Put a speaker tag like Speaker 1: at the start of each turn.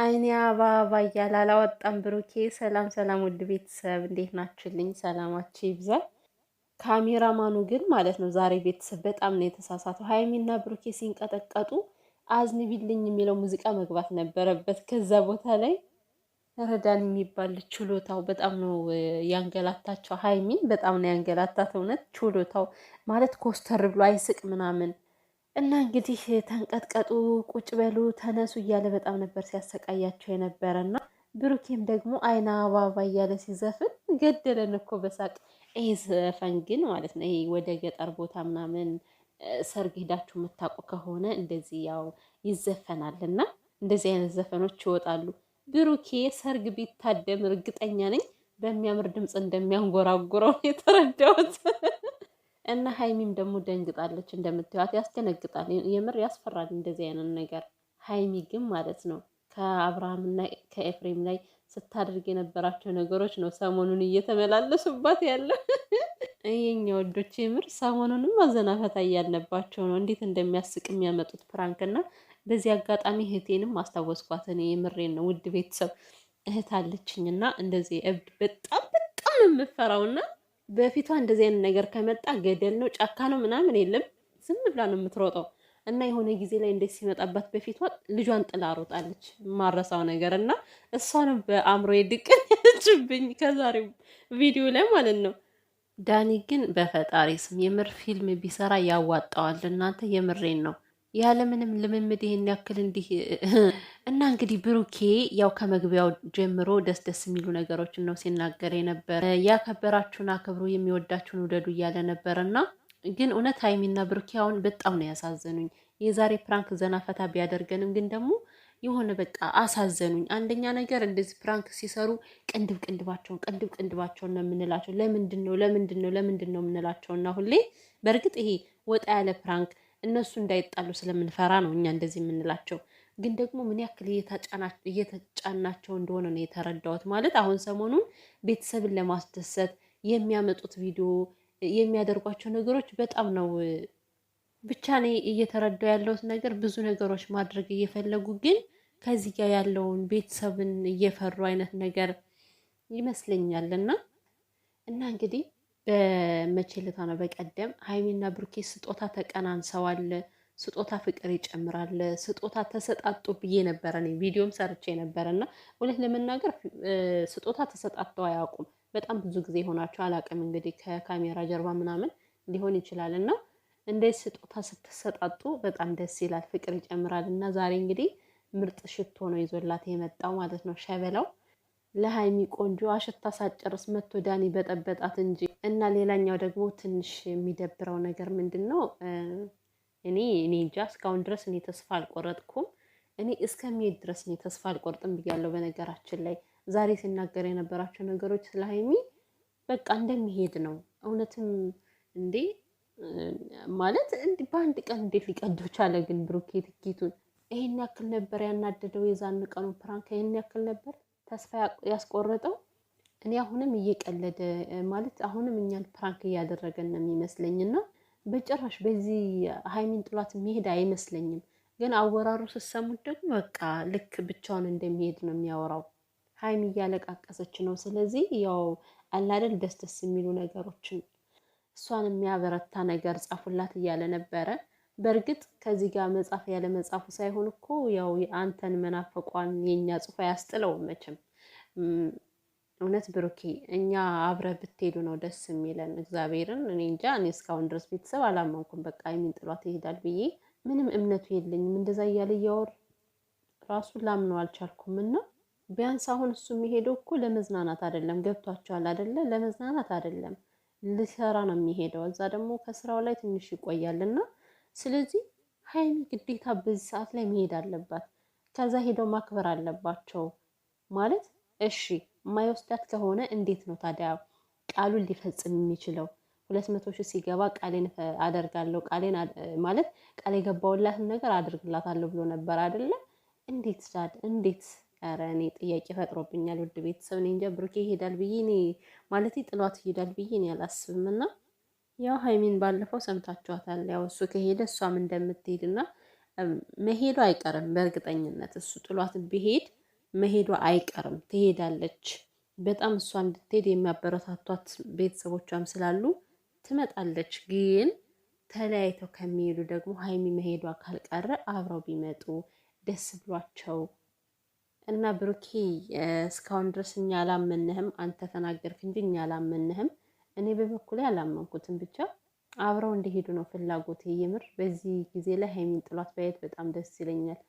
Speaker 1: አይኔ አባባ እያለ አላወጣም ብሩኬ። ሰላም ሰላም፣ ውድ ቤተሰብ እንዴት ናችሁልኝ? ሰላማችሁ ይብዛ። ካሜራማኑ ግን ማለት ነው ዛሬ ቤተሰብ በጣም ነው የተሳሳተው። ሀይሚና ብሩኬ ሲንቀጠቀጡ አዝንቢልኝ የሚለው ሙዚቃ መግባት ነበረበት። ከዛ ቦታ ላይ ረዳን የሚባል ችሎታው በጣም ነው ያንገላታቸው። ሀይሚን በጣም ነው ያንገላታት። እውነት ችሎታው ማለት ኮስተር ብሎ አይስቅ ምናምን እና እንግዲህ ተንቀጥቀጡ፣ ቁጭ በሉ፣ ተነሱ እያለ በጣም ነበር ሲያሰቃያቸው የነበረ እና ብሩኬም ደግሞ አይና አባባ እያለ ሲዘፍን ገደለን እኮ በሳቅ ይህ ዘፈን ግን ማለት ነው ይሄ ወደ ገጠር ቦታ ምናምን ሰርግ ሄዳችሁ የምታውቁ ከሆነ እንደዚህ ያው ይዘፈናል እና እንደዚህ አይነት ዘፈኖች ይወጣሉ። ብሩኬ ሰርግ ቢታደም እርግጠኛ ነኝ በሚያምር ድምፅ እንደሚያንጎራጉረው የተረዳሁት። እና ሀይሚም ደግሞ ደንግጣለች። እንደምትዋት ያስደነግጣል። የምር ያስፈራል እንደዚህ አይነት ነገር። ሀይሚ ግን ማለት ነው ከአብርሃምና ከኤፍሬም ላይ ስታደርግ የነበራቸው ነገሮች ነው ሰሞኑን እየተመላለሱባት ያለ። እየኛ ወዶች የምር ሰሞኑንም ማዘናፈታ እያለባቸው ነው። እንዴት እንደሚያስቅ የሚያመጡት ፕራንክና በዚህ አጋጣሚ እህቴንም አስታወስኳት። እኔ የምሬን ነው ውድ ቤተሰብ እህት አለችኝ እና እንደዚህ እብድ በጣም በጣም የምፈራውና በፊቷ እንደዚህ አይነት ነገር ከመጣ ገደል ነው ጫካ ነው ምናምን የለም፣ ዝም ብላ ነው የምትሮጠው። እና የሆነ ጊዜ ላይ እንዴት ሲመጣባት በፊቷ ልጇን ጥላ ሮጣለች። ማረሳው ነገር እና እሷንም በአእምሮ ድቅን ያለችብኝ ከዛሬው ቪዲዮ ላይ ማለት ነው። ዳኒ ግን በፈጣሪ ስም የምር ፊልም ቢሰራ ያዋጣዋል። እናንተ የምሬን ነው። ያለምንም ልምምድ ይሄን ያክል እንዲህ እና እንግዲህ ብሩኬ ያው ከመግቢያው ጀምሮ ደስ ደስ የሚሉ ነገሮችን ነው ሲናገር የነበረ። ያከበራችሁን አክብሩ፣ የሚወዳችሁን ውደዱ እያለ ነበር እና ግን እውነት ሀይሚና ብሩኬ አሁን በጣም ነው ያሳዘኑኝ። የዛሬ ፕራንክ ዘና ፈታ ቢያደርገንም ግን ደግሞ የሆነ በቃ አሳዘኑኝ። አንደኛ ነገር እንደዚህ ፕራንክ ሲሰሩ ቅንድብ ቅንድባቸውን ቅንድብ ቅንድባቸውን ነው የምንላቸው። ለምንድን ነው ለምንድን ነው ለምንድን ነው የምንላቸው እና ሁሌ በእርግጥ ይሄ ወጣ ያለ ፕራንክ እነሱ እንዳይጣሉ ስለምንፈራ ነው እኛ እንደዚህ የምንላቸው። ግን ደግሞ ምን ያክል እየተጫናቸው እንደሆነ ነው የተረዳሁት። ማለት አሁን ሰሞኑን ቤተሰብን ለማስደሰት የሚያመጡት ቪዲዮ የሚያደርጓቸው ነገሮች በጣም ነው ብቻ እኔ እየተረዳው ያለሁት ነገር ብዙ ነገሮች ማድረግ እየፈለጉ ግን ከዚህ ጋር ያለውን ቤተሰብን እየፈሩ አይነት ነገር ይመስለኛል እና እና እንግዲህ በመቼልታ ነው በቀደም ሀይሚና ብሩኬ ስጦታ ተቀናንሰዋል። ስጦታ ፍቅር ይጨምራል። ስጦታ ተሰጣጡ ብዬ ነበረ እኔ ቪዲዮም ሰርቼ ነበረ እና እውነት ለመናገር ስጦታ ተሰጣጥተው አያውቁም። በጣም ብዙ ጊዜ ሆናቸው አላውቅም። እንግዲህ ከካሜራ ጀርባ ምናምን ሊሆን ይችላል እና እንደ ስጦታ ስትሰጣጡ በጣም ደስ ይላል፣ ፍቅር ይጨምራል እና ዛሬ እንግዲህ ምርጥ ሽቶ ነው ይዞላት የመጣው ማለት ነው ሸበላው ለሀይሚ ቆንጆ አሸታ ሳጨርስ መቶ ዳኒ በጠበጣት እንጂ። እና ሌላኛው ደግሞ ትንሽ የሚደብረው ነገር ምንድን ነው? እኔ እኔ እንጃ እስካሁን ድረስ እኔ ተስፋ አልቆረጥኩም። እኔ እስከሚሄድ ድረስ እኔ ተስፋ አልቆርጥም ብያለሁ። በነገራችን ላይ ዛሬ ሲናገር የነበራቸው ነገሮች ስለ ሀይሚ በቃ እንደሚሄድ ነው። እውነትም እንዴ ማለት በአንድ ቀን እንዴት ሊቀደው ቻለ? ግን ብሩኬ ትኬቱን ይሄን ያክል ነበር ያናደደው። የዛን ቀኑ ፕራንክ ይሄን ያክል ነበር ተስፋ ያስቆረጠው እኔ አሁንም እየቀለደ ማለት አሁንም እኛን ፕራንክ እያደረገን ነው የሚመስለኝ እና በጭራሽ በዚህ ሀይሚን ጥሏት የሚሄድ አይመስለኝም። ግን አወራሩ ስሰሙት ደግሞ በቃ ልክ ብቻውን እንደሚሄድ ነው የሚያወራው። ሀይሚ እያለቃቀሰች ነው። ስለዚህ ያው አላደል ደስ ደስ የሚሉ ነገሮችን እሷን የሚያበረታ ነገር ጻፉላት እያለ ነበረ። በእርግጥ ከዚህ ጋር መጻፍ ያለ መጻፉ ሳይሆን እኮ ያው የአንተን መናፈቋን የእኛ ጽሑፍ አያስጥለውም መቼም። እውነት ብሩኬ፣ እኛ አብረ ብትሄዱ ነው ደስ የሚለን። እግዚአብሔርን እኔ እንጃ፣ እኔ እስካሁን ድረስ ቤተሰብ አላመንኩም። በቃ የሚን ጥሏት ይሄዳል ብዬ ምንም እምነቱ የለኝም። እንደዛ እያለ እያወር ራሱ ላምነው አልቻልኩም። እና ቢያንስ አሁን እሱ የሚሄደው እኮ ለመዝናናት አይደለም። ገብቷቸዋል አደለ? ለመዝናናት አይደለም፣ ልሰራ ነው የሚሄደው። እዛ ደግሞ ከስራው ላይ ትንሽ ይቆያልና ስለዚህ ሀይሚ ግዴታ በዚህ ሰዓት ላይ መሄድ አለባት። ከዛ ሄደው ማክበር አለባቸው ማለት እሺ። የማይወስዳት ከሆነ እንዴት ነው ታዲያ ቃሉን ሊፈጽም የሚችለው? ሁለት መቶ ሺህ ሲገባ ቃሌን አደርጋለሁ ቃሌን ማለት ቃል የገባውላትን ነገር አድርግላታለሁ ብሎ ነበር አይደለ? እንዴት ዳድ እንዴት ኧረ እኔ ጥያቄ ፈጥሮብኛል። ውድ ቤተሰብ እኔ እንጃ ብሩኬ ይሄዳል ብዬ እኔ ማለት ጥሏት ይሄዳል ብዬ እኔ አላስብም እና ያው ሀይሚን ባለፈው ሰምታችኋታል። ያው እሱ ከሄደ እሷም እንደምትሄድና መሄዱ አይቀርም በእርግጠኝነት እሱ ጥሏት ቢሄድ መሄዱ አይቀርም ትሄዳለች። በጣም እሷ እንድትሄድ የሚያበረታቷት ቤተሰቦቿም ስላሉ ትመጣለች። ግን ተለያይተው ከሚሄዱ ደግሞ ሀይሚ መሄዷ ካልቀረ አብረው ቢመጡ ደስ ብሏቸው እና ብሩኬ እስካሁን ድረስ እኛ አላመንህም፣ አንተ ተናገርክ እንጂ እኛ አላመንህም። እኔ በበኩሌ አላመንኩትም። ብቻ አብረው እንደሄዱ ነው ፍላጎት። የምር በዚህ ጊዜ ላይ ሀይሚን ጥሏት ባየት በጣም ደስ ይለኛል።